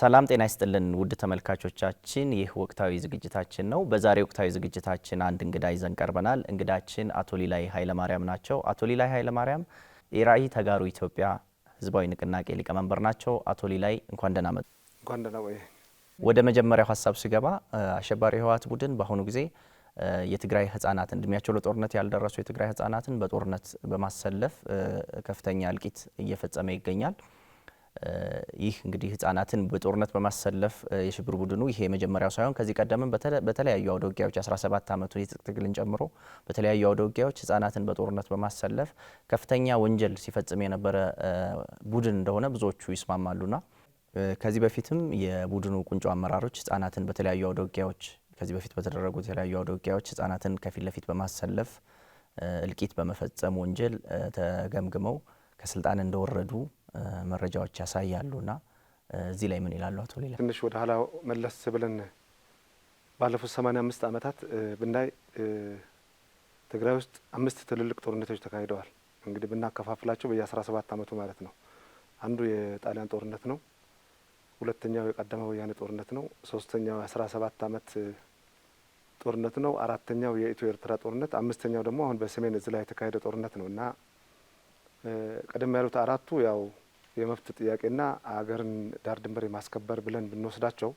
ሰላም ጤና ይስጥልን ውድ ተመልካቾቻችን፣ ይህ ወቅታዊ ዝግጅታችን ነው። በዛሬ ወቅታዊ ዝግጅታችን አንድ እንግዳ ይዘን ቀርበናል። እንግዳችን አቶ ሊላይ ኃይለማርያም ናቸው። አቶ ሊላይ ኃይለማርያም የራዕይ ተጋሩ ኢትዮጵያ ህዝባዊ ንቅናቄ ሊቀመንበር ናቸው። አቶ ሊላይ እንኳን ደህና መጡ። እንኳን ደህና ወደ መጀመሪያው ሀሳብ ስገባ አሸባሪ ህወሓት ቡድን በአሁኑ ጊዜ የትግራይ ህጻናትን እድሜያቸው ለጦርነት ያልደረሱ የትግራይ ህጻናትን በጦርነት በማሰለፍ ከፍተኛ እልቂት እየፈጸመ ይገኛል። ይህ እንግዲህ ህጻናትን በጦርነት በማሰለፍ የሽብር ቡድኑ ይሄ የመጀመሪያው ሳይሆን ከዚህ ቀደምም በተለያዩ አውደ ውጊያዎች 17 ዓመቱ የትጥቅ ትግልን ጨምሮ በተለያዩ አውደ ውጊያዎች ህጻናትን በጦርነት በማሰለፍ ከፍተኛ ወንጀል ሲፈጽም የነበረ ቡድን እንደሆነ ብዙዎቹ ይስማማሉና ከዚህ በፊትም የቡድኑ ቁንጮ አመራሮች ህጻናትን በተለያዩ አውደ ውጊያዎች ከዚህ በፊት በተደረጉ የተለያዩ አውደ ውጊያዎች ህጻናትን ከፊት ለፊት በማሰለፍ እልቂት በመፈጸም ወንጀል ተገምግመው ከስልጣን እንደወረዱ መረጃዎች ያሳያሉና እዚህ ላይ ምን ይላሉ አቶ ሌላ? ትንሽ ወደ ኋላ መለስ ብለን ባለፉት ሰማኒያ አምስት ዓመታት ብናይ ትግራይ ውስጥ አምስት ትልልቅ ጦርነቶች ተካሂደዋል። እንግዲህ ብናከፋፍላቸው በየ አስራ ሰባት ዓመቱ ማለት ነው። አንዱ የጣሊያን ጦርነት ነው። ሁለተኛው የቀደመ ወያኔ ጦርነት ነው። ሶስተኛው የአስራ ሰባት ዓመት ጦርነት ነው። አራተኛው የኢትዮ ኤርትራ ጦርነት፣ አምስተኛው ደግሞ አሁን በሰሜን እዝ ላይ የተካሄደ ጦርነት ነው እና ቀደም ያሉት አራቱ ያው የመብት ጥያቄና አገርን ዳር ድንበር የማስከበር ብለን ብንወስዳቸው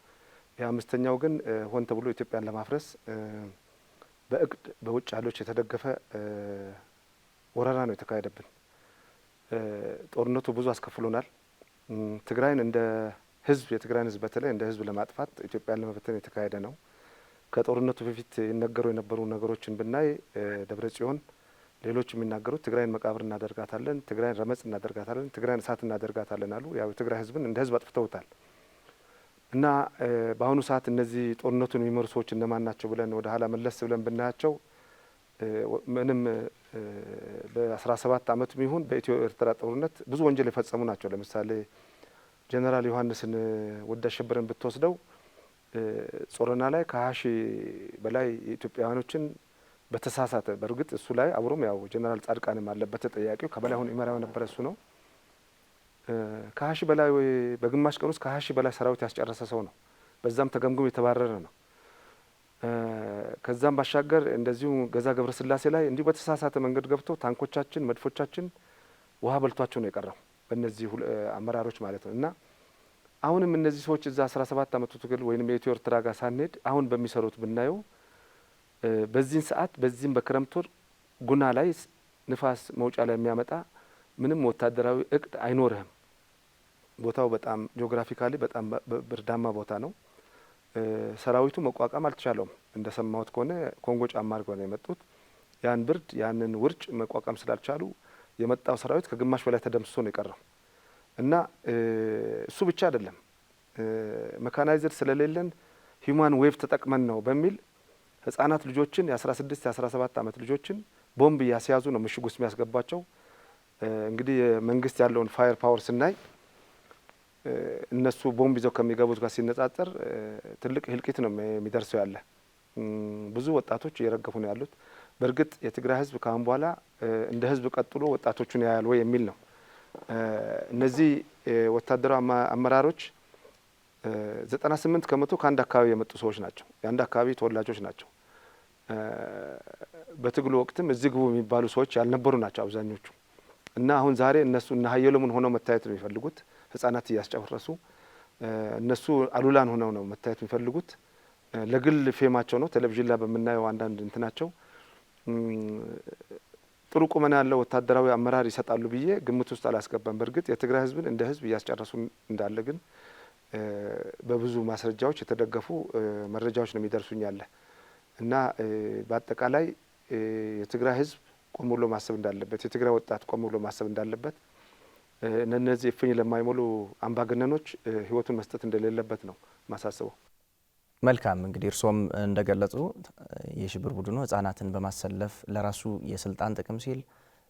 የአምስተኛው ግን ሆን ተብሎ ኢትዮጵያን ለማፍረስ በእቅድ በውጭ ኃይሎች የተደገፈ ወረራ ነው የተካሄደብን። ጦርነቱ ብዙ አስከፍሎናል። ትግራይን እንደ ህዝብ የትግራይን ህዝብ በተለይ እንደ ህዝብ ለማጥፋት ኢትዮጵያን ለመበተን የተካሄደ ነው። ከጦርነቱ በፊት ይነገሩ የነበሩ ነገሮችን ብናይ ደብረ ጽዮን ሌሎች የሚናገሩት ትግራይን መቃብር እናደርጋታለን፣ ትግራይን ረመጽ እናደርጋታለን፣ ትግራይን እሳት እናደርጋታለን አሉ። ያው ትግራይ ህዝብን እንደ ህዝብ አጥፍተውታል። እና በአሁኑ ሰዓት እነዚህ ጦርነቱን የሚመሩ ሰዎች እነማን ናቸው ብለን ወደ ኋላ መለስ ብለን ብናያቸው ምንም በአስራ ሰባት አመት ሚሆን በኢትዮ ኤርትራ ጦርነት ብዙ ወንጀል የፈጸሙ ናቸው። ለምሳሌ ጀኔራል ዮሐንስን ወደ አሸብርን ብትወስደው ጾረና ላይ ከሀያ ሺህ በላይ የኢትዮጵያውያኖችን በተሳሳተ በእርግጥ እሱ ላይ አብሮም ያው ጀነራል ጻድቃንም አለበት ተጠያቂው። ከበላይ ሆኖ ይመራው የነበረ እሱ ነው። ከሀሺ በላይ በግማሽ ቀን ውስጥ ከሀሺ በላይ ሰራዊት ያስጨረሰ ሰው ነው። በዛም ተገምግሞ የተባረረ ነው። ከዛም ባሻገር እንደዚሁ ገዛ ገብረስላሴ ላይ እንዲሁ በተሳሳተ መንገድ ገብቶ ታንኮቻችን፣ መድፎቻችን ውሃ በልቷቸው ነው የቀረው በእነዚህ አመራሮች ማለት ነው እና አሁንም እነዚህ ሰዎች እዛ አስራ ሰባት አመቱ ትግል ወይም የኢትዮ ኤርትራ ጋር ሳንሄድ አሁን በሚሰሩት ብናየው በዚህን ሰዓት በዚህም በክረምት ወር ጉና ላይ ንፋስ መውጫ ላይ የሚያመጣ ምንም ወታደራዊ እቅድ አይኖርህም። ቦታው በጣም ጂኦግራፊካሊ በጣም ብርዳማ ቦታ ነው። ሰራዊቱ መቋቋም አልተቻለውም። እንደሰማሁት ከሆነ ኮንጎ ጫማ አድርገው ነው የመጡት። ያን ብርድ ያንን ውርጭ መቋቋም ስላልቻሉ የመጣው ሰራዊት ከግማሽ በላይ ተደምስሶ ነው የቀረው እና እሱ ብቻ አይደለም መካናይዘር ስለሌለን ሂማን ዌቭ ተጠቅመን ነው በሚል ህጻናት ልጆችን የ16 የ17 ዓመት ልጆችን ቦምብ እያስያዙ ነው ምሽግ ውስጥ የሚያስገባቸው። እንግዲህ መንግስት ያለውን ፋየር ፓወር ስናይ እነሱ ቦምብ ይዘው ከሚገቡት ጋር ሲነጻጸር ትልቅ ህልቂት ነው የሚደርሰው። ያለ ብዙ ወጣቶች እየረገፉ ነው ያሉት። በእርግጥ የትግራይ ህዝብ ካሁን በኋላ እንደ ህዝብ ቀጥሎ ወጣቶቹን ያያል ወይ የሚል ነው። እነዚህ ወታደራዊ አመራሮች ዘጠና ስምንት ከመቶ ከአንድ አካባቢ የመጡ ሰዎች ናቸው። የአንድ አካባቢ ተወላጆች ናቸው። በትግሉ ወቅትም እዚህ ግቡ የሚባሉ ሰዎች ያልነበሩ ናቸው አብዛኞቹ እና አሁን ዛሬ እነሱ እነ ሀየሎምን ሆነው መታየት ነው የሚፈልጉት። ህጻናት እያስጨፈረሱ እነሱ አሉላን ሆነው ነው መታየት የሚፈልጉት። ለግል ፌማቸው ነው። ቴሌቪዥን ላይ በምናየው አንዳንድ እንትናቸው ጥሩ ቁመና ያለው ወታደራዊ አመራር ይሰጣሉ ብዬ ግምት ውስጥ አላስገባም። በእርግጥ የትግራይ ህዝብን እንደ ህዝብ እያስጨረሱ እንዳለ ግን በብዙ ማስረጃዎች የተደገፉ መረጃዎች ነው የሚደርሱኝ ያለ እና በአጠቃላይ የትግራይ ህዝብ ቆም ብሎ ማሰብ እንዳለበት፣ የትግራይ ወጣት ቆም ብሎ ማሰብ እንዳለበት፣ እነዚህ እፍኝ ለማይሞሉ አምባገነኖች ህይወቱን መስጠት እንደሌለበት ነው ማሳስበው። መልካም እንግዲህ እርስዎም እንደገለጹ የሽብር ቡድኑ ህጻናትን በማሰለፍ ለራሱ የስልጣን ጥቅም ሲል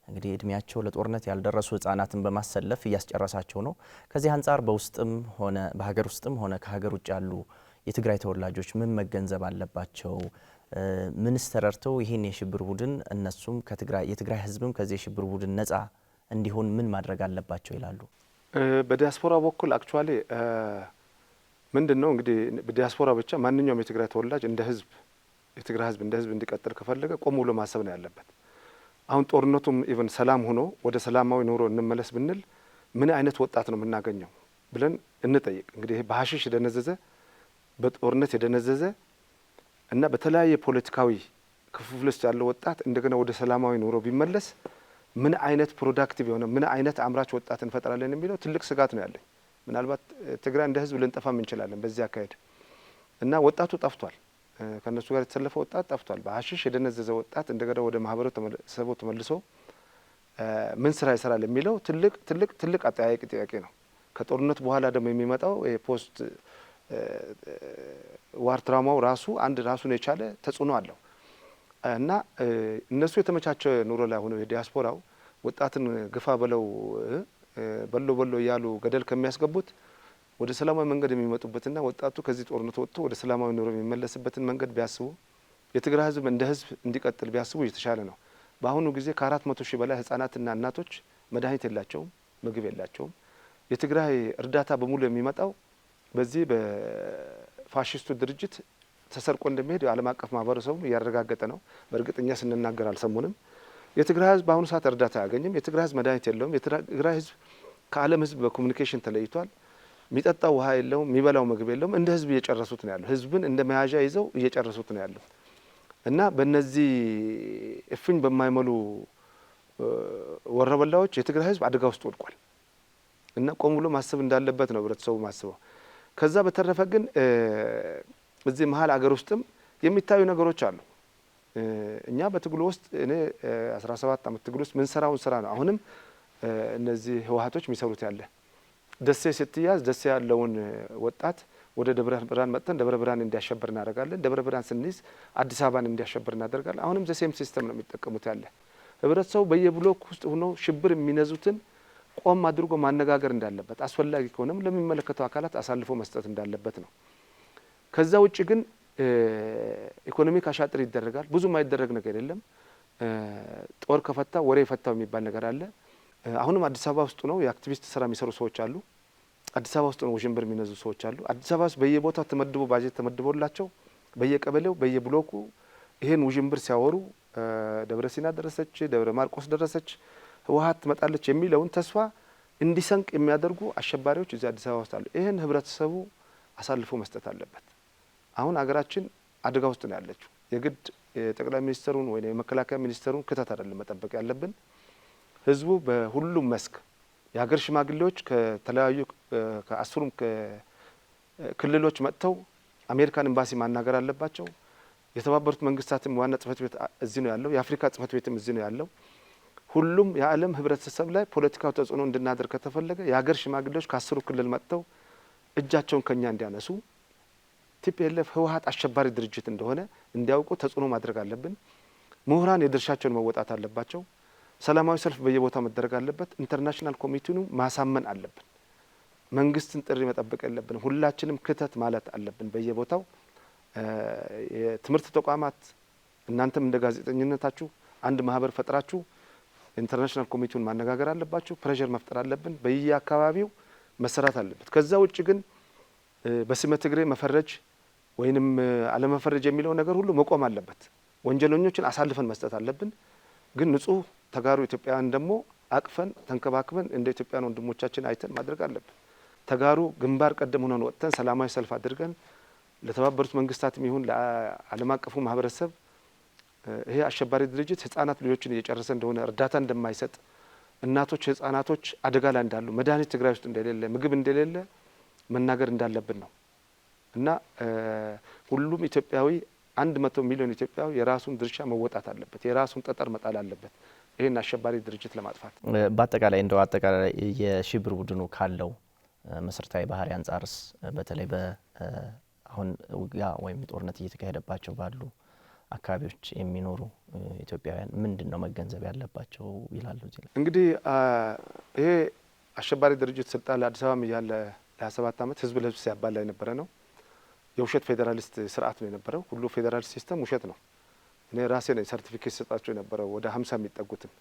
እንግዲህ እድሜያቸው ለጦርነት ያልደረሱ ህጻናትን በማሰለፍ እያስጨረሳቸው ነው። ከዚህ አንጻር በውስጥም ሆነ በሀገር ውስጥም ሆነ ከሀገር ውጭ ያሉ የትግራይ ተወላጆች ምን መገንዘብ አለባቸው? ምንስ ተረድተው ይህን የሽብር ቡድን እነሱም የትግራይ ህዝብም ከዚህ የሽብር ቡድን ነጻ እንዲሆን ምን ማድረግ አለባቸው ይላሉ? በዲያስፖራ በኩል አክቹዋሊ ምንድን ነው እንግዲህ በዲያስፖራ ብቻ ማንኛውም የትግራይ ተወላጅ እንደ ህዝብ የትግራይ ህዝብ እንደ ህዝብ እንዲቀጥል ከፈለገ ቆም ብሎ ማሰብ ነው ያለበት። አሁን ጦርነቱም ኢቨን ሰላም ሆኖ ወደ ሰላማዊ ኑሮ እንመለስ ብንል ምን አይነት ወጣት ነው የምናገኘው ብለን እንጠይቅ። እንግዲህ በሀሽሽ የደነዘዘ በጦርነት የደነዘዘ እና በተለያየ ፖለቲካዊ ክፍፍል ውስጥ ያለው ወጣት እንደገና ወደ ሰላማዊ ኑሮ ቢመለስ ምን አይነት ፕሮዳክቲቭ የሆነ ምን አይነት አምራች ወጣት እንፈጥራለን የሚለው ትልቅ ስጋት ነው ያለኝ። ምናልባት ትግራይ እንደ ህዝብ ልንጠፋም እንችላለን በዚህ አካሄድ እና ወጣቱ ጠፍቷል። ከእነሱ ጋር የተሰለፈ ወጣት ጠፍቷል። በሀሺሽ የደነዘዘ ወጣት እንደገና ወደ ማህበረሰቡ ተመልሶ ምን ስራ ይሰራል የሚለው ትልቅ ትልቅ ትልቅ አጠያያቂ ጥያቄ ነው። ከጦርነት በኋላ ደግሞ የሚመጣው የፖስት ዋር ትራማው ራሱ አንድ ራሱን የቻለ ተጽዕኖ አለው እና እነሱ የተመቻቸ ኑሮ ላይ ሆነው የዲያስፖራው ወጣትን ግፋ በለው በሎ በሎ እያሉ ገደል ከሚያስገቡት ወደ ሰላማዊ መንገድ የሚመጡበትና ወጣቱ ከዚህ ጦርነት ወጥቶ ወደ ሰላማዊ ኑሮ የሚመለስበትን መንገድ ቢያስቡ የትግራይ ህዝብ እንደ ህዝብ እንዲቀጥል ቢያስቡ እየተሻለ ነው። በአሁኑ ጊዜ ከአራት መቶ ሺህ በላይ ህጻናትና እናቶች መድኃኒት የላቸውም፣ ምግብ የላቸውም። የትግራይ እርዳታ በሙሉ የሚመጣው በዚህ በፋሽስቱ ድርጅት ተሰርቆ እንደሚሄድ የዓለም አቀፍ ማህበረሰቡ እያረጋገጠ ነው። በእርግጠኛ ስንናገር አልሰሙንም። የትግራይ ህዝብ በአሁኑ ሰዓት እርዳታ አያገኝም። የትግራይ ህዝብ መድኃኒት የለውም። የትግራይ ህዝብ ከዓለም ህዝብ በኮሚኒኬሽን ተለይቷል። የሚጠጣው ውሃ የለውም፣ የሚበላው ምግብ የለውም። እንደ ህዝብ እየጨረሱት ነው ያለው። ህዝብን እንደ መያዣ ይዘው እየጨረሱት ነው ያለው እና በእነዚህ እፍኝ በማይመሉ ወረበላዎች የትግራይ ህዝብ አደጋ ውስጥ ወድቋል እና ቆም ብሎ ማሰብ እንዳለበት ነው ህብረተሰቡ ማስበው። ከዛ በተረፈ ግን እዚህ መሀል አገር ውስጥም የሚታዩ ነገሮች አሉ። እኛ በትግሉ ውስጥ እኔ 17 ዓመት ትግል ውስጥ ምንሰራውን ስራ ነው አሁንም እነዚህ ህወሀቶች የሚሰሩት ያለ ደሴ ስትያዝ ደሴ ያለውን ወጣት ወደ ደብረ ብርሃን መጥተን ደብረ ብርሃን እንዲያሸብር እናደርጋለን። ደብረ ብርሃን ስንይዝ አዲስ አበባን እንዲያሸብር እናደርጋለን። አሁንም ዘሴም ሲስተም ነው የሚጠቀሙት ያለ ህብረተሰቡ በየብሎክ ውስጥ ሆኖ ሽብር የሚነዙትን ቆም አድርጎ ማነጋገር እንዳለበት፣ አስፈላጊ ከሆነም ለሚመለከተው አካላት አሳልፎ መስጠት እንዳለበት ነው። ከዛ ውጭ ግን ኢኮኖሚክ አሻጥር ይደረጋል። ብዙ ማይደረግ ነገር የለም። ጦር ከፈታ ወሬ ፈታው የሚባል ነገር አለ። አሁንም አዲስ አበባ ውስጥ ነው የአክቲቪስት ስራ የሚሰሩ ሰዎች አሉ። አዲስ አበባ ውስጥ ነው ውዥንብር የሚነዙ ሰዎች አሉ። አዲስ አበባ ውስጥ በየቦታው ተመድቦ ባጀት ተመድቦላቸው በየቀበሌው በየብሎኩ ይሄን ውዥንብር ሲያወሩ ደብረ ሲና ደረሰች፣ ደብረ ማርቆስ ደረሰች ህወሀት ትመጣለች የሚለውን ተስፋ እንዲሰንቅ የሚያደርጉ አሸባሪዎች እዚህ አዲስ አበባ ውስጥ አሉ። ይህን ህብረተሰቡ አሳልፎ መስጠት አለበት። አሁን አገራችን አደጋ ውስጥ ነው ያለችው። የግድ የጠቅላይ ሚኒስትሩን ወይም የመከላከያ ሚኒስትሩን ክተት አይደለም መጠበቅ ያለብን። ህዝቡ በሁሉም መስክ የሀገር ሽማግሌዎች ከተለያዩ ከአስሩም ክልሎች መጥተው አሜሪካን ኤምባሲ ማናገር አለባቸው። የተባበሩት መንግስታትም ዋና ጽህፈት ቤት እዚህ ነው ያለው። የአፍሪካ ጽህፈት ቤትም እዚህ ነው ያለው። ሁሉም የዓለም ህብረተሰብ ላይ ፖለቲካዊ ተጽዕኖ እንድናደርግ ከተፈለገ የሀገር ሽማግሌዎች ከአስሩ ክልል መጥተው እጃቸውን ከኛ እንዲያነሱ ቲፒኤልኤፍ ህወሀት አሸባሪ ድርጅት እንደሆነ እንዲያውቁ ተጽዕኖ ማድረግ አለብን። ምሁራን የድርሻቸውን መወጣት አለባቸው። ሰላማዊ ሰልፍ በየቦታው መደረግ አለበት። ኢንተርናሽናል ኮሚኒቲውንም ማሳመን አለብን። መንግስትን ጥሪ መጠበቅ የለብን ሁላችንም ክተት ማለት አለብን። በየቦታው የትምህርት ተቋማት እናንተም እንደ ጋዜጠኝነታችሁ አንድ ማህበር ፈጥራችሁ ኢንተርናሽናል ኮሚቴውን ማነጋገር አለባቸው። ፕሬሽር መፍጠር አለብን። በየአካባቢው መሰራት አለበት። ከዛ ውጭ ግን በስመ ትግሬ መፈረጅ ወይንም አለመፈረጅ የሚለው ነገር ሁሉ መቆም አለበት። ወንጀለኞችን አሳልፈን መስጠት አለብን። ግን ንጹህ ተጋሩ ኢትዮጵያውያን ደግሞ አቅፈን ተንከባክበን እንደ ኢትዮጵያን ወንድሞቻችን አይተን ማድረግ አለብን። ተጋሩ ግንባር ቀደም ሆነን ወጥተን ሰላማዊ ሰልፍ አድርገን ለተባበሩት መንግስታትም ይሁን ለዓለም አቀፉ ማህበረሰብ ይሄ አሸባሪ ድርጅት ህጻናት ልጆችን እየጨረሰ እንደሆነ እርዳታ እንደማይሰጥ እናቶች ህጻናቶች አደጋ ላይ እንዳሉ መድኃኒት ትግራይ ውስጥ እንደሌለ ምግብ እንደሌለ መናገር እንዳለብን ነው እና ሁሉም ኢትዮጵያዊ አንድ መቶ ሚሊዮን ኢትዮጵያዊ የራሱን ድርሻ መወጣት አለበት፣ የራሱን ጠጠር መጣል አለበት ይህን አሸባሪ ድርጅት ለማጥፋት። በአጠቃላይ እንደው አጠቃላይ የሽብር ቡድኑ ካለው መሰረታዊ ባህሪ አንጻርስ በተለይ በአሁን ውጊያ ወይም ጦርነት እየተካሄደባቸው ባሉ አካባቢዎች የሚኖሩ ኢትዮጵያውያን ምንድን ነው መገንዘብ ያለባቸው ይላሉ። እንግዲህ ይሄ አሸባሪ ድርጅት ስልጣን ለአዲስ አበባም እያለ ለሀያ ሰባት ዓመት ህዝብ ለህዝብ ሲያባላ የነበረ ነው። የውሸት ፌዴራሊስት ስርዓት ነው የነበረው። ሁሉ ፌዴራሊስት ሲስተም ውሸት ነው። እኔ ራሴ ነኝ ሰርቲፊኬት ሰጣቸው የነበረው ወደ ሀምሳ የሚጠጉትን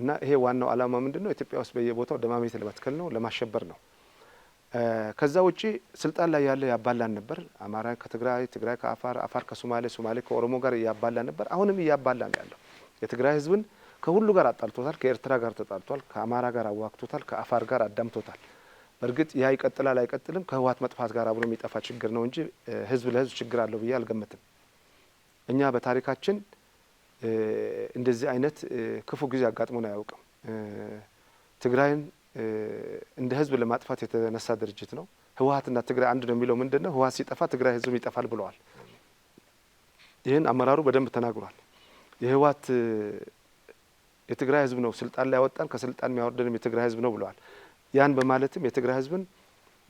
እና ይሄ ዋናው አላማ ምንድን ነው? ኢትዮጵያ ውስጥ በየቦታው ደማሜት ለመትከል ነው፣ ለማሸበር ነው። ከዛ ውጪ ስልጣን ላይ ያለ ያባላን ነበር። አማራ ከትግራይ፣ ትግራይ ከአፋር፣ አፋር ከሶማሌ፣ ሶማሌ ከኦሮሞ ጋር እያባላን ነበር። አሁንም እያባላ ያለው። የትግራይ ህዝብን ከሁሉ ጋር አጣልቶታል። ከኤርትራ ጋር ተጣልቷል። ከአማራ ጋር አዋክቶታል። ከአፋር ጋር አዳምቶታል። በእርግጥ ያ ይቀጥላል አይቀጥልም ከህወሓት መጥፋት ጋር አብሮ የሚጠፋ ችግር ነው እንጂ ህዝብ ለህዝብ ችግር አለው ብዬ አልገምትም። እኛ በታሪካችን እንደዚህ አይነት ክፉ ጊዜ አጋጥሞን አያውቅም። ትግራይን እንደ ህዝብ ለማጥፋት የተነሳ ድርጅት ነው። ህወሀትና ትግራይ አንድ ነው የሚለው ምንድን ነው? ህወሀት ሲጠፋ ትግራይ ህዝብም ይጠፋል ብለዋል። ይህን አመራሩ በደንብ ተናግሯል። የህወሀት የትግራይ ህዝብ ነው ስልጣን ላይ ያወጣን፣ ከስልጣን የሚያወርደንም የትግራይ ህዝብ ነው ብለዋል። ያን በማለትም የትግራይ ህዝብን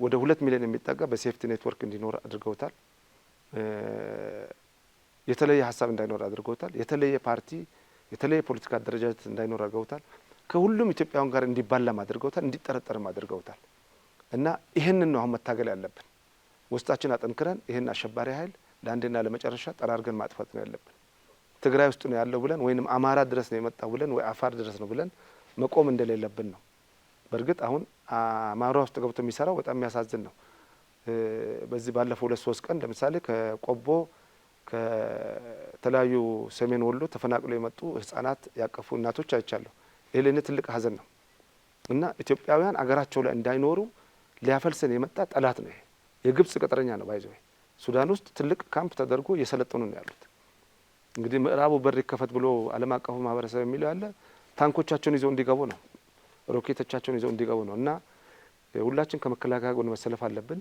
ወደ ሁለት ሚሊዮን የሚጠጋ በሴፍቲ ኔትወርክ እንዲኖር አድርገውታል። የተለየ ሀሳብ እንዳይኖር አድርገውታል። የተለየ ፓርቲ፣ የተለየ ፖለቲካ አደረጃጀት እንዳይኖር አድርገውታል። ከሁሉም ኢትዮጵያውያን ጋር እንዲባላም አድርገውታል፣ እንዲጠረጠርም አድርገውታል። እና ይህንን ነው አሁን መታገል ያለብን። ውስጣችን አጠንክረን ይህን አሸባሪ ኃይል ለአንድና ለመጨረሻ ጠራርገን ማጥፋት ነው ያለብን። ትግራይ ውስጥ ነው ያለው ብለን ወይንም አማራ ድረስ ነው የመጣው ብለን ወይ አፋር ድረስ ነው ብለን መቆም እንደሌለብን ነው። በእርግጥ አሁን አማራ ውስጥ ገብቶ የሚሰራው በጣም የሚያሳዝን ነው። በዚህ ባለፈው ሁለት ሶስት ቀን ለምሳሌ ከቆቦ ከተለያዩ ሰሜን ወሎ ተፈናቅሎ የመጡ ህጻናት ያቀፉ እናቶች አይቻለሁ። ለእኔ ትልቅ ሀዘን ነው እና ኢትዮጵያውያን አገራቸው ላይ እንዳይኖሩ ሊያፈልሰን የመጣ ጠላት ነው። የግብጽ ቅጥረኛ ነው። ባይዘ ሱዳን ውስጥ ትልቅ ካምፕ ተደርጎ እየሰለጠኑ ነው ያሉት። እንግዲህ ምዕራቡ በር ይከፈት ብሎ ዓለም አቀፉ ማህበረሰብ የሚለው ያለ ታንኮቻቸውን ይዘው እንዲገቡ ነው፣ ሮኬቶቻቸውን ይዘው እንዲገቡ ነው እና ሁላችን ከመከላከያ ጎን መሰለፍ አለብን።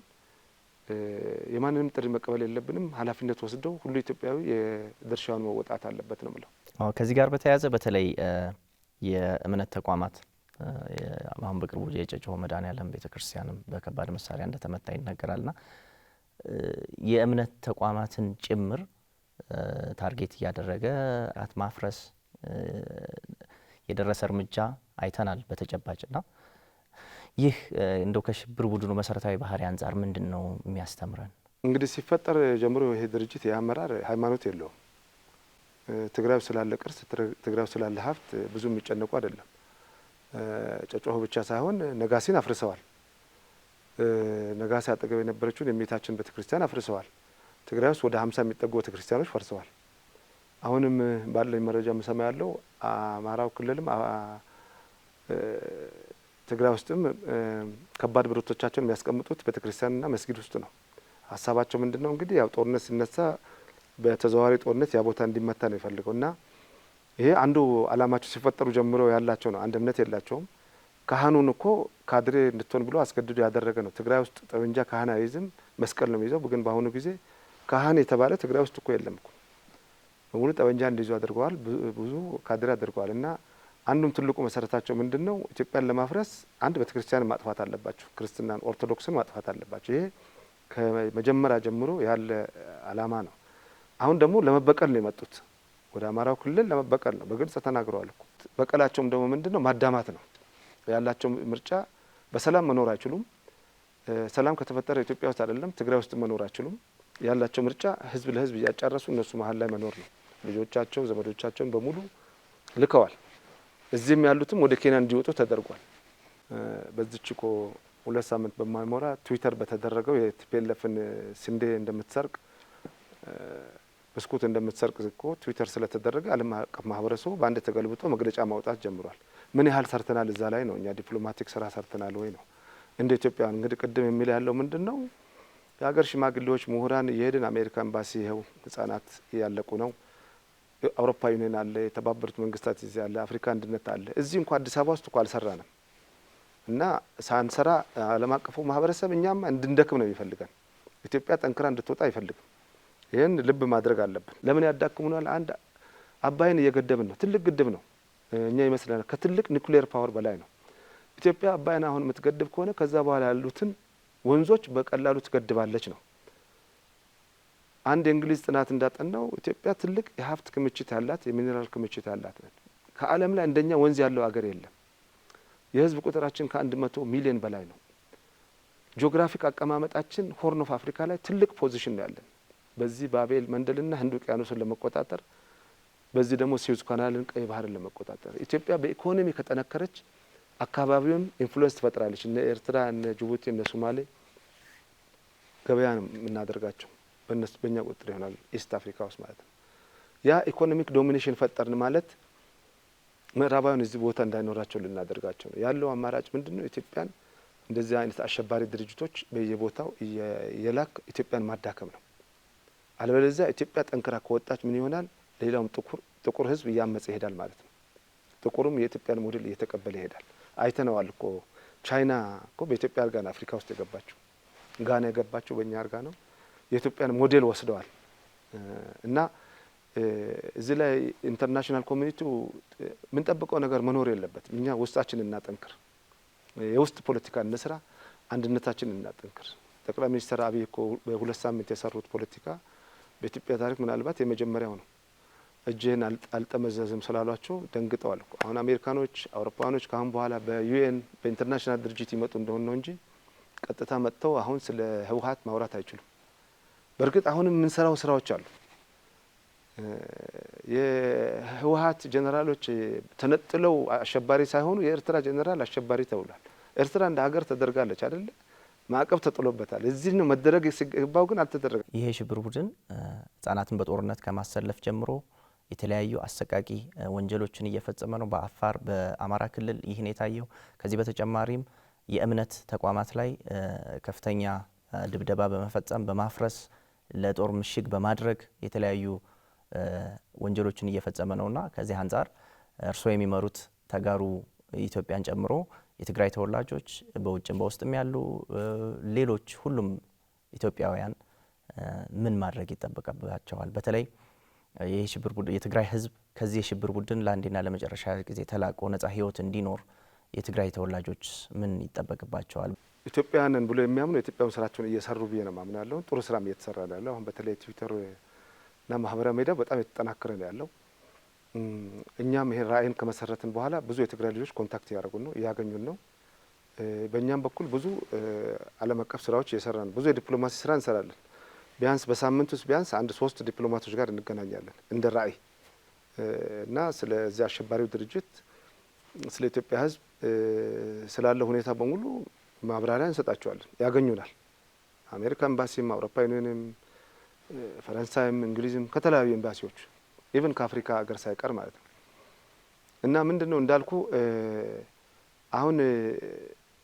የማንንም ጥሪ መቀበል የለብንም። ኃላፊነት ወስደው ሁሉ ኢትዮጵያዊ የድርሻውን መወጣት አለበት ነው ምለው። ከዚህ ጋር በተያያዘ በተለይ የእምነት ተቋማት አሁን በቅርቡ የጨጨሆ መድኃኔዓለም ቤተ ክርስቲያንም በከባድ መሳሪያ እንደተመታ ና የእምነት ተቋማትን ጭምር ታርጌት እያደረገ ራት ማፍረስ የደረሰ እርምጃ አይተናል በተጨባጭ ና ይህ እንደው ከሽብር ቡድኑ መሰረታዊ ባህሪ አንጻር ምንድን ነው የሚያስተምረን? እንግዲህ ሲፈጠር ጀምሮ ይሄ ድርጅት የአመራር ሃይማኖት የለውም። ትግራይ ስላለ ቅርስ፣ ትግራይ ስላለ ሀብት ብዙ የሚጨነቁ አይደለም። ጨጮሆ ብቻ ሳይሆን ነጋሴን አፍርሰዋል። ነጋሴ አጠገብ የነበረችውን የእመቤታችን ቤተክርስቲያን አፍርሰዋል። ትግራይ ውስጥ ወደ ሀምሳ የሚጠጉ ቤተክርስቲያኖች ፈርሰዋል። አሁንም ባለኝ መረጃ ምሰማ ያለው አማራው ክልልም ትግራይ ውስጥም ከባድ ብረቶቻቸውን የሚያስቀምጡት ቤተክርስቲያንና መስጊድ ውስጥ ነው። ሀሳባቸው ምንድን ነው እንግዲህ ያው ጦርነት ሲነሳ በተዘዋዋሪ ጦርነት ያ ቦታ እንዲመታ ነው የፈልገው እና ይሄ አንዱ አላማቸው ሲፈጠሩ ጀምሮ ያላቸው ነው። አንድ እምነት የላቸውም። ካህኑን እኮ ካድሬ እንድትሆን ብሎ አስገድዶ ያደረገ ነው። ትግራይ ውስጥ ጠመንጃ ካህን አይዝም፣ መስቀል ነው የሚይዘው። ግን በአሁኑ ጊዜ ካህን የተባለ ትግራይ ውስጥ እኮ የለም እኮ በሙሉ ጠመንጃ እንዲይዙ አድርገዋል። ብዙ ካድሬ አድርገዋል። እና አንዱም ትልቁ መሰረታቸው ምንድን ነው? ኢትዮጵያን ለማፍረስ አንድ ቤተ ማጥፋት አለባቸው። ክርስትናን፣ ኦርቶዶክስን ማጥፋት አለባቸው። ይሄ ከመጀመሪያ ጀምሮ ያለ አላማ ነው። አሁን ደግሞ ለመበቀል ነው የመጡት። ወደ አማራው ክልል ለመበቀል ነው፣ በግልጽ ተናግረዋል። በቀላቸውም ደግሞ ምንድን ነው? ማዳማት ነው። ያላቸው ምርጫ በሰላም መኖር አይችሉም። ሰላም ከተፈጠረ ኢትዮጵያ ውስጥ አይደለም ትግራይ ውስጥ መኖር አይችሉም። ያላቸው ምርጫ ህዝብ ለህዝብ እያጫረሱ እነሱ መሀል ላይ መኖር ነው። ልጆቻቸው ዘመዶቻቸውን በሙሉ ልከዋል። እዚህም ያሉትም ወደ ኬንያ እንዲወጡ ተደርጓል። በዚች ኮ ሁለት ሳምንት በማይሞራ ትዊተር በተደረገው የቲፒኤልኤፍን ስንዴ እንደምትሰርቅ ብስኩት እንደምትሰርቅ እኮ ትዊተር ስለተደረገ ዓለም አቀፍ ማህበረሰቡ በአንድ ተገልብጦ መግለጫ ማውጣት ጀምሯል። ምን ያህል ሰርተናል እዛ ላይ ነው። እኛ ዲፕሎማቲክ ስራ ሰርተናል ወይ ነው እንደ ኢትዮጵያ እንግዲህ ቅድም የሚል ያለው ምንድን ነው የሀገር ሽማግሌዎች፣ ምሁራን የሄድን አሜሪካ ኤምባሲ ይኸው ህጻናት እያለቁ ነው። አውሮፓ ዩኒየን አለ፣ የተባበሩት መንግስታት ይዚ አለ፣ አፍሪካ አንድነት አለ። እዚህ እንኳ አዲስ አበባ ውስጥ እኳ አልሰራንም እና ሳንሰራ አለም አቀፉ ማህበረሰብ እኛም እንድንደክም ነው የሚፈልገን። ኢትዮጵያ ጠንክራ እንድትወጣ አይፈልግም። ይህን ልብ ማድረግ አለብን። ለምን ያዳክሙናል? አንድ አባይን እየገደብን ነው። ትልቅ ግድብ ነው። እኛ ይመስለናል ከትልቅ ኒኩሌር ፓወር በላይ ነው። ኢትዮጵያ አባይን አሁን የምትገድብ ከሆነ ከዛ በኋላ ያሉትን ወንዞች በቀላሉ ትገድባለች ነው። አንድ የእንግሊዝ ጥናት እንዳጠናው ኢትዮጵያ ትልቅ የሀብት ክምችት ያላት የሚኔራል ክምችት ያላት ነን። ከዓለም ላይ እንደኛ ወንዝ ያለው አገር የለም። የህዝብ ቁጥራችን ከአንድ መቶ ሚሊዮን በላይ ነው። ጂኦግራፊክ አቀማመጣችን ሆርን ኦፍ አፍሪካ ላይ ትልቅ ፖዚሽን ነው ያለን። በዚህ ባቤል መንደልና ህንድ ውቅያኖስን ለመቆጣጠር በዚህ ደግሞ ስዊዝ ካናልን ቀይ ባህርን ለመቆጣጠር ኢትዮጵያ በኢኮኖሚ ከጠነከረች አካባቢውን ኢንፍሉዌንስ ትፈጥራለች። እነ ኤርትራ፣ እነ ጅቡቲ፣ እነ ሶማሌ ገበያ ነው የምናደርጋቸው። በእነሱ በእኛ ቁጥር ይሆናል ኢስት አፍሪካ ውስጥ ማለት ነው። ያ ኢኮኖሚክ ዶሚኔሽን ፈጠርን ማለት ምዕራባውያን እዚህ ቦታ እንዳይኖራቸው ልናደርጋቸው ነው። ያለው አማራጭ ምንድን ነው? ኢትዮጵያን እንደዚህ አይነት አሸባሪ ድርጅቶች በየቦታው የላክ ኢትዮጵያን ማዳከም ነው። አለበለዚያ ኢትዮጵያ ጠንክራ ከወጣች ምን ይሆናል? ሌላውም ጥቁር ህዝብ እያመጸ ይሄዳል ማለት ነው። ጥቁሩም የኢትዮጵያን ሞዴል እየተቀበለ ይሄዳል። አይተነዋል እኮ ቻይና እኮ በኢትዮጵያ እርጋ ነው አፍሪካ ውስጥ የገባችው። ጋና የገባችው በእኛ እርጋ ነው። የኢትዮጵያን ሞዴል ወስደዋል እና እዚህ ላይ ኢንተርናሽናል ኮሚኒቲ የምንጠብቀው ነገር መኖር የለበትም። እኛ ውስጣችን እናጠንክር፣ የውስጥ ፖለቲካ እንስራ፣ አንድነታችን እናጠንክር። ጠቅላይ ሚኒስትር አብይ እኮ በሁለት ሳምንት የሰሩት ፖለቲካ በኢትዮጵያ ታሪክ ምናልባት የመጀመሪያው ነው። እጅህን አልጠመዘዝም ስላሏቸው ደንግጠዋል። አሁን አሜሪካኖች፣ አውሮፓውያኖች ከአሁን በኋላ በዩኤን በኢንተርናሽናል ድርጅት ይመጡ እንደሆን ነው እንጂ ቀጥታ መጥተው አሁን ስለ ህወሀት ማውራት አይችሉም። በእርግጥ አሁንም የምንሰራው ስራዎች አሉ። የህወሀት ጀኔራሎች ተነጥለው አሸባሪ ሳይሆኑ የኤርትራ ጀኔራል አሸባሪ ተብሏል። ኤርትራ እንደ ሀገር ተደርጋለች አይደለም ማዕቀብ ተጥሎበታል። እዚህ ነው መደረግ ሲገባው ግን አልተደረገ። ይህ የሽብር ቡድን ህጻናትን በጦርነት ከማሰለፍ ጀምሮ የተለያዩ አሰቃቂ ወንጀሎችን እየፈጸመ ነው። በአፋር በአማራ ክልል ይህን የታየው። ከዚህ በተጨማሪም የእምነት ተቋማት ላይ ከፍተኛ ድብደባ በመፈጸም በማፍረስ ለጦር ምሽግ በማድረግ የተለያዩ ወንጀሎችን እየፈጸመ ነውና ከዚህ አንጻር እርስዎ የሚመሩት ተጋሩ ኢትዮጵያን ጨምሮ የትግራይ ተወላጆች በውጭም በውስጥም ያሉ ሌሎች ሁሉም ኢትዮጵያውያን ምን ማድረግ ይጠበቅባቸዋል? በተለይ የትግራይ ህዝብ ከዚህ የሽብር ቡድን ለአንዴና ለመጨረሻ ጊዜ ተላቆ ነጻ ህይወት እንዲኖር የትግራይ ተወላጆች ምን ይጠበቅባቸዋል? ኢትዮጵያውያንን ብሎ የሚያምኑ የኢትዮጵያን ስራቸውን እየሰሩ ብዬ ነው ማምን ያለሁን። ጥሩ ስራም እየተሰራ ነው ያለው። አሁን በተለይ ትዊተርና ማህበራዊ ሚዲያ በጣም የተጠናከረ ነው ያለው። እኛም ይሄን ራእይን ከመሰረትን በኋላ ብዙ የትግራይ ልጆች ኮንታክት እያደረጉን ነው እያገኙን ነው። በእኛም በኩል ብዙ ዓለም አቀፍ ስራዎች ነው። ብዙ የዲፕሎማሲ ስራ እንሰራለን። ቢያንስ በሳምንት ውስጥ ቢያንስ አንድ ሶስት ዲፕሎማቶች ጋር እንገናኛለን እንደ ራእይ እና ስለዚህ አሸባሪው ድርጅት ስለ ኢትዮጵያ ሕዝብ ስላለው ሁኔታ በሙሉ ማብራሪያ እንሰጣቸዋለን። ያገኙናል። አሜሪካ ኤምባሲም፣ አውሮፓ ዩኒየንም፣ ፈረንሳይም፣ እንግሊዝም ከተለያዩ ኤምባሲዎች ኢቨን ከአፍሪካ ሀገር ሳይቀር ማለት ነው። እና ምንድን ነው እንዳልኩ አሁን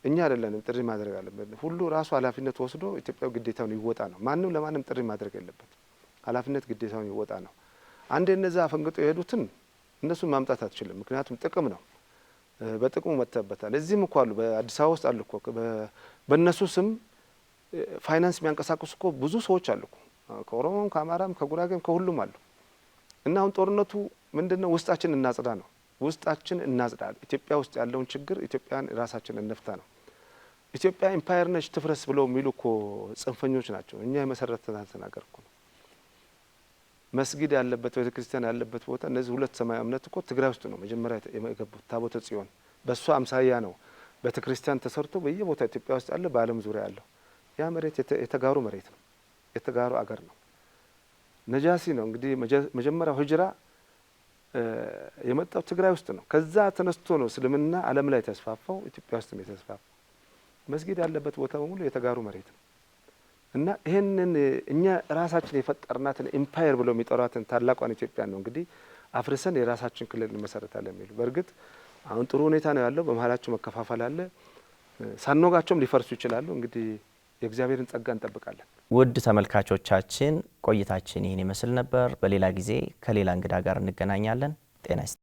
እኛ አይደለንም ጥሪ ማድረግ አለበት። ሁሉ ራሱ ኃላፊነት ወስዶ ኢትዮጵያው ግዴታውን ይወጣ ነው። ማንም ለማንም ጥሪ ማድረግ የለበት። ኃላፊነት ግዴታውን ይወጣ ነው። አንድ እነዛ አፈንግጦ የሄዱትን እነሱን ማምጣት አትችልም። ምክንያቱም ጥቅም ነው፣ በጥቅሙ መጥተበታል። እዚህም እኮ አሉ፣ በአዲስ አበባ ውስጥ አሉ እኮ በእነሱ ስም ፋይናንስ የሚያንቀሳቅሱ እኮ ብዙ ሰዎች አሉ እኮ ከኦሮሞም ከአማራም ከጉራጌም ከሁሉም አሉ። እና አሁን ጦርነቱ ምንድነው? ውስጣችን እናጽዳ ነው። ውስጣችን እናጽዳ፣ ኢትዮጵያ ውስጥ ያለውን ችግር ኢትዮጵያን ራሳችን እንፍታ ነው። ኢትዮጵያ ኢምፓየር ነች ትፍረስ ብለው የሚሉ እኮ ጽንፈኞች ናቸው። እኛ የመሰረትናት ሀገር እኮ ነው። መስጊድ ያለበት ቤተ ክርስቲያን ያለበት ቦታ እነዚህ ሁለት ሰማያዊ እምነት እኮ ትግራይ ውስጥ ነው መጀመሪያ የገቡት። ታቦተ ጽዮን በእሷ አምሳያ ነው ቤተ ክርስቲያን ተሰርቶ በየቦታ ኢትዮጵያ ውስጥ ያለ በዓለም ዙሪያ ያለው ያ መሬት የተጋሩ መሬት ነው፣ የተጋሩ አገር ነው። ነጃሲ ነው እንግዲህ መጀመሪያው ህጅራ የመጣው ትግራይ ውስጥ ነው። ከዛ ተነስቶ ነው እስልምና ዓለም ላይ የተስፋፋው ኢትዮጵያ ውስጥም የተስፋፋው። መስጊድ ያለበት ቦታ በሙሉ የተጋሩ መሬት ነው እና ይህንን እኛ ራሳችን የፈጠርናትን ኢምፓየር ብሎ የሚጠሯትን ታላቋን ኢትዮጵያ ነው እንግዲህ አፍርሰን የራሳችን ክልል እንመሰረታለን የሚሉ በእርግጥ አሁን ጥሩ ሁኔታ ነው ያለው። በመሀላቸው መከፋፈል አለ። ሳንወጋቸውም ሊፈርሱ ይችላሉ እንግዲህ የእግዚአብሔርን ጸጋ እንጠብቃለን። ውድ ተመልካቾቻችን ቆይታችን ይህን ይመስል ነበር። በሌላ ጊዜ ከሌላ እንግዳ ጋር እንገናኛለን። ጤና ይስጥ